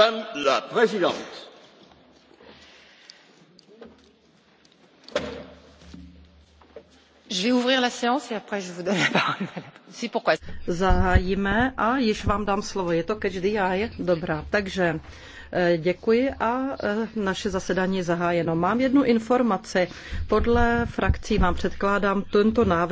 Madame la Présidente, je je vais ouvrir la la séance et après vous donne parole. Zahájíme a již vám dám slovo. Je to catch the eye? Dobrá, takže eh, děkuji a eh, naše zasedání je zahájeno. Mám jednu informaci. Podle frakcí vám předkládám tento návrh